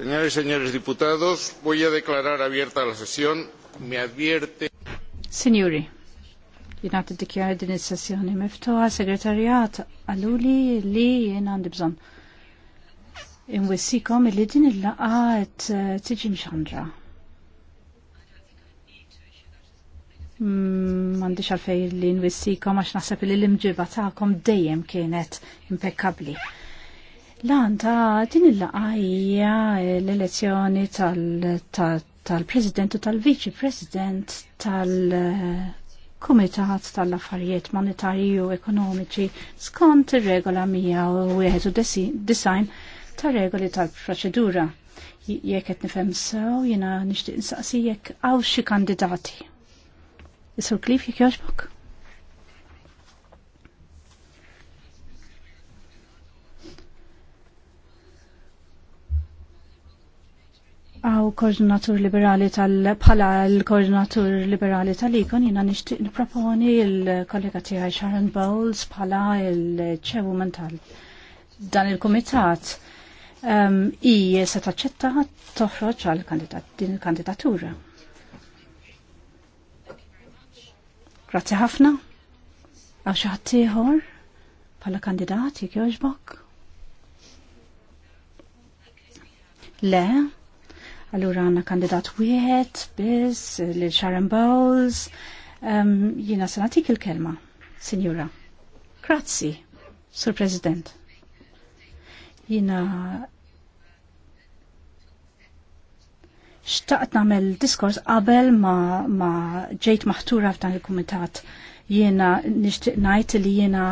Señoras y señores diputados, voy a declarar abierta la sesión. Me advierte. Signori, jina t-dikjar din il-sessjoni miftuħa segretarjat għaluli li jien għandi bżon. Inwissikom li din il-laqat eh, tiġi mxandra. Mm, mandi xalfej li nwissikom għax naħseb li l-imġiba ta'kom dejjem kienet impeccabli. Lan ta' din il-laqajja l-elezzjoni tal-President u tal-Viċi President tal-Kumitat tal-Affarijiet Monetarji u Ekonomiċi skont ir-regola design ta' regoli tal-proċedura. Jekk qed nifhem sew jiena nixtieq insaqsi jekk hawn xi kandidati. Isur Klif jekk jogħġbok? koordinatur liberali tal bħala l-koordinatur liberali tal-ikon jina nishtiq n-proponi l kollega tiegħi Sharon Bowles bħala l chairwoman tal dan il-komitat i se taċċetta toħroġ għal din il-kandidatura. Grazzi ħafna. Għaw xi ħadd ieħor bħala kandidat jogħġbok. Le, Allura għanna kandidat wieħed biss lil Sharon Bowles. Um, jina sanatik il-kelma, Sinjura. Grazzi, Sur President. Jina xtaqt nagħmel diskors qabel ma, ma ġejt maħtura f'dan il-kumitat. Jiena nishtiq najt li jiena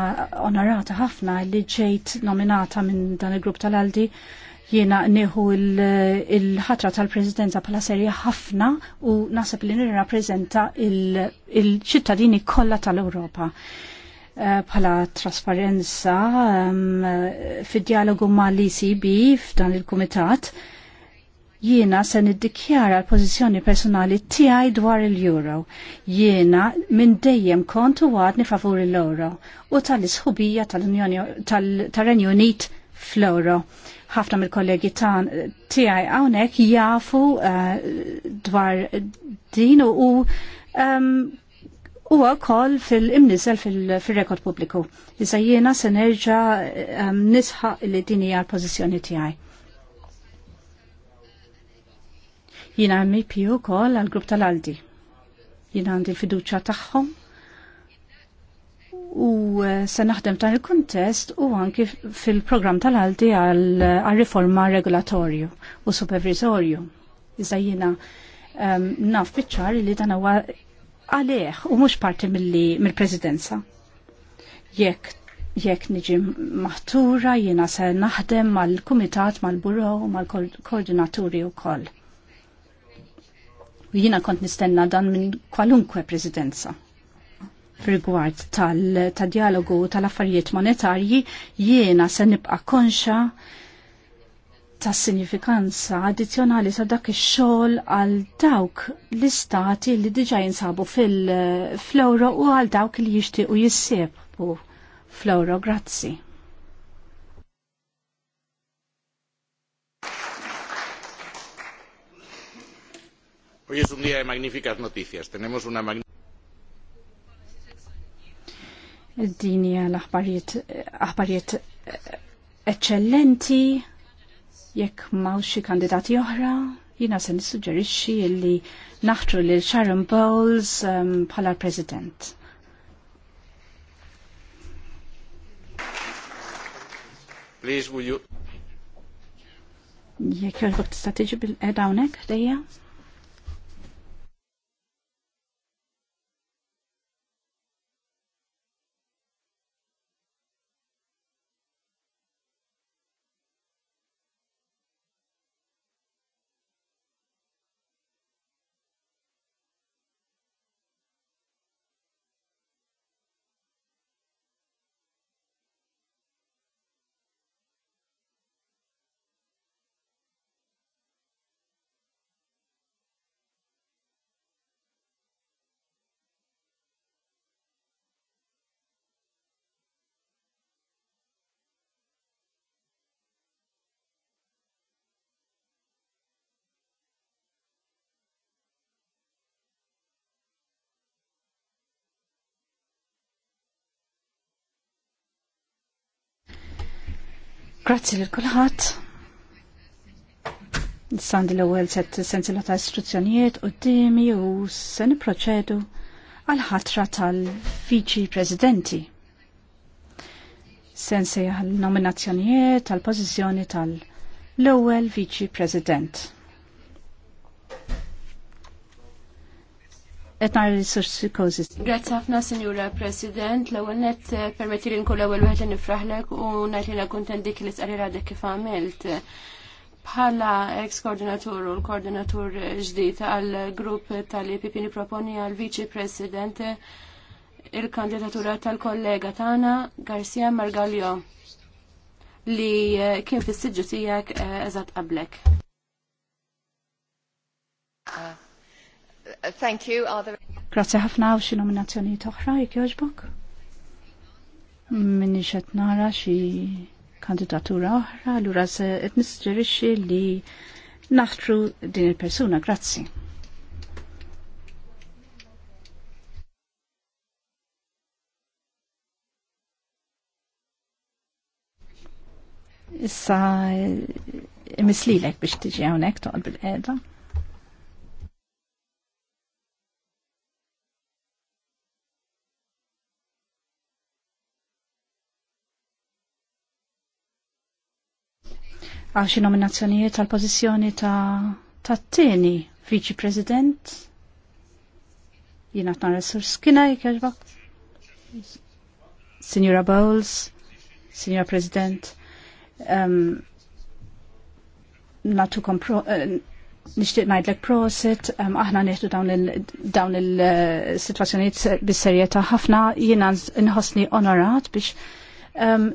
onorata ħafna li ġejt nominata minn dan il-grupp tal-Aldi Jiena neħu il-ħatra tal-Presidenza bħala serja ħafna u nasab li nirrappreżenta il-ċittadini kollha tal-Ewropa eh, bħala trasparenza fid-dialogu ma' l-ECB f'dan il-Kumitat jiena se niddikjara l-pożizzjoni personali tiegħi dwar il-euro. Jiena minn dejjem kontu għadni favur l-euro u tal-isħubija tal-Renju Unit tal Floro. Ħafna mill-kollegi tiegħi hawnhekk jafu eh, dwar din u huwa ehm, wkoll fil imniżel fil-rekord pubbliku. Iżda jiena se nerġa' ehm, nisħaq li din hija l-pożizzjoni tiegħi. Jiena MP wkoll għall-grupp tal-Aldi. Jiena għandi l-fiduċja tagħhom u eh, se naħdem ta' il-kontest u anki fil-program tal alti għal-riforma eh, regolatorju u supervisorju. Iżda jina um, naf bitċar li dan huwa għalih u mhux parti mill-presidenza. jekk jekk niġi maħtura jiena se naħdem mal-kumitat, mal-buro, mal-koordinaturi u koll. U jiena kont nistenna dan minn kwalunkwe presidenza rigward tal dialogu tal affarijiet monetarji jiena se nibqa' konxa tas sinifikanza addizzjonali ta' dak ix-xogħol għal dawk l-istati li diġà jinsabu fil flowro u għal dawk li jixtiequ jissiebu flowro. grazzi. Hoy es un día de magníficas noticias. Tenemos una Dini l-aħbarijiet aħbarijiet eh, eccellenti jekk mawx xi kandidati oħra, jina se nissuġġerixxi li naħtru lil Sharon Bowles ehm, bħala um, president. Please will you Jekk jogħġbok tista' tiġi bil-qed eh, hawnhekk dejja? Grazzi lil kulħadd. Sandi l-ewwel set sensila ta' istruzzjonijiet qudiemi u se nipproċedu għal ħatra tal-viċi presidenti. Sensi għal nominazzjonijiet tal-pożizzjoni tal-ewwel viċi president. etnar resursi kozis. Grazie ħafna, Signora President. L-ewwel net eh, permetti li nkoll ewwel wieħed nifraħlek u ngħid li kontent dik li tqarri għadek kif għamilt. Bħala ex koordinatur u l-koordinatur ġdid għal grupp tal-IPP niproponi għal viċi President il-kandidatura tal-kollega tagħna Garcia Margalio li eh, kien fis-siġġu tiegħek eh, eżatt qablek. Ah. Thank you. There... Grazie ħafna u xie nominazzjoni toħra jek joġbok? Minni xet nara xie kandidatura oħra, l-ura se qed nisġerixxi li naħtru din il-persuna. Grazie. Issa eh, mislilek biex tiġi għonek toqgħod bil edha Għax xi nominazzjonijiet tal pożizzjoni ta' tat-tieni viċi president. Jiena tnara sur skina jkeġba. Signora Bowles, Signora President, um, natu kompro, uh, eh, nishtiq najdlek proset, um, aħna neħdu dawn il-situazzjoniet il, uh, bis-serjetà ħafna, jiena nħossni onorat biex um,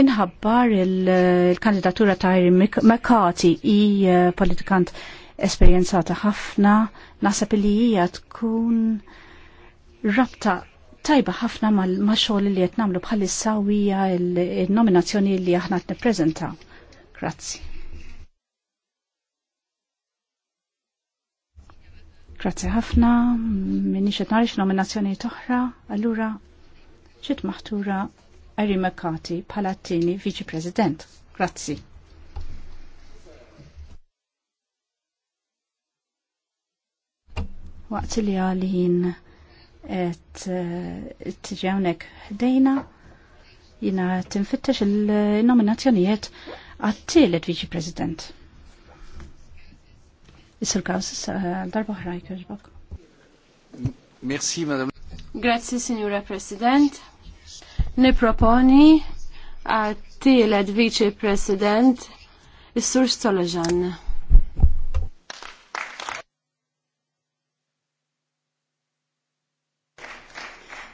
inħabbar il-kandidatura ta' Irene McCarthy i eh, politikant esperjenzata ħafna, nasab li hija tkun rabta tajba ħafna ma' xogħol li qed nagħmlu bħalissa hija il-nominazzjoni li aħna qed nippreżentaw. Grazzi. Grazzi ħafna, minni xetnarix nominazzjoni toħra, allura ċit maħtura McCarthy Palatini Vice President. Grazzi. Waqt li għalin et eh, t-ġewnek dejna jina t tinfittex il-nominazzjonijiet għattilet Vice president. Issil kaws eh, darba ħrajk Merci, madame. Grazie, signora President. Niproponi għat-tielet President Is-Sur Stoloġan.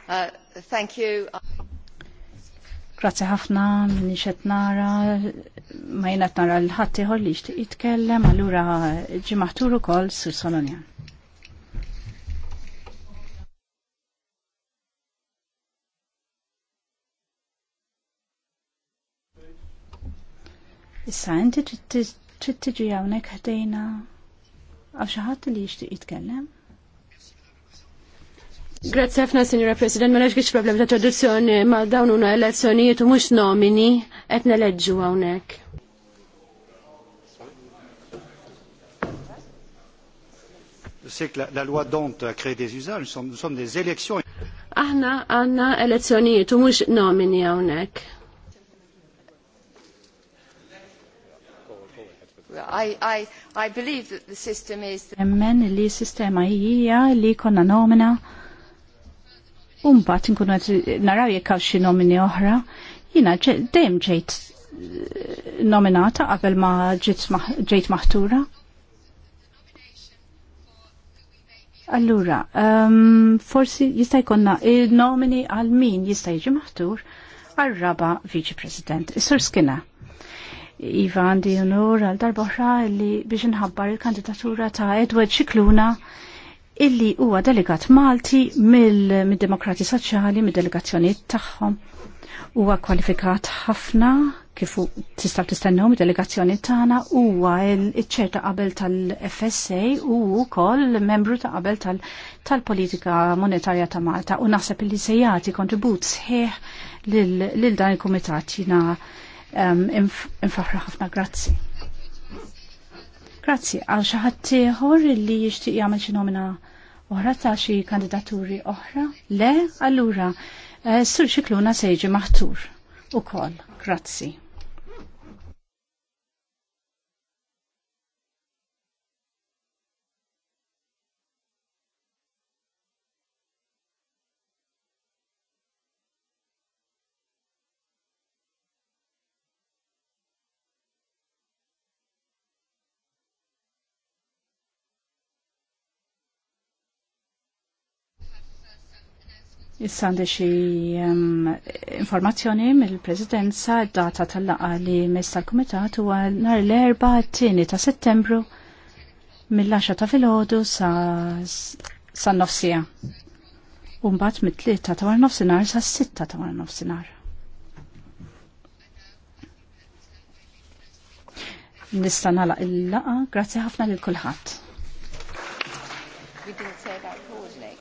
Uh, thank you. Grazie ħafna, minni xet nara, ma jenat nara l-ħatti li jitkellem, allura ġimaħturu kol sur Solonjan. Issa, inti trid tiġi hawnhekk ħdejna għaw xi ħadd li jixtieq jitkellem? Grazie ħafna, Signora President, ma nafx problemi ta' traduzzjoni ma' dawn una elezzjonijiet u mhux nomini qed neleġġu hawnhekk. C'est que la, la loi d'Ont a créé des usages, nous sommes, nous sommes des élections. Aħna għandna elezzjonijiet u mhux nomini hawnhekk. I, I, I believe that the system is... Emmen li sistema hija li konna nomina Umbat nkunu għet naraw jekkaw xi nomini oħra, jina dejjem ġejt eh, nominata qabel ma ġejt maħtura. Allura, um, forsi jista' jkollna il-nomini għal min jista' jiġi maħtur għal raba Viċi President, Is-Sur Skina. Iva għandi unur għal darboħra illi biex nħabbar il-kandidatura ta' Edward Xikluna illi huwa delegat Malti mill-Demokrati mil Soċjali, mill-delegazzjoniet tagħhom. Huwa kwalifikat ħafna kif tista' tistennew mid-delegazzjoni tagħna huwa l qabel tal-FSA u wkoll membru ta' qabel tal-politika -tal monetarja ta' Malta u naħseb illi se jagħti kontribut sħiħ lil dan il-kumitat jina infaħra ħafna grazzi. Grazzi, għal xaħat tiħor li jishtiq jgħamil xi nomina oħra ta' xi kandidaturi oħra? Le, allura, eh, sur xikluna sejġi maħtur u kol. Grazzi. Jissandi xie um, informazzjoni mill-Presidenza data tal-laqa li mis tal-Komitat huwa nar l-erba t ta' settembru mill-10 ta' filgħodu sa, sa' nofsija. Umbat mit-tlieta ta' war nofsinhar sa' 6 ta' war nofsinhar. Nista' nagħlaq il-laqa, grazzi ħafna lil kulħadd.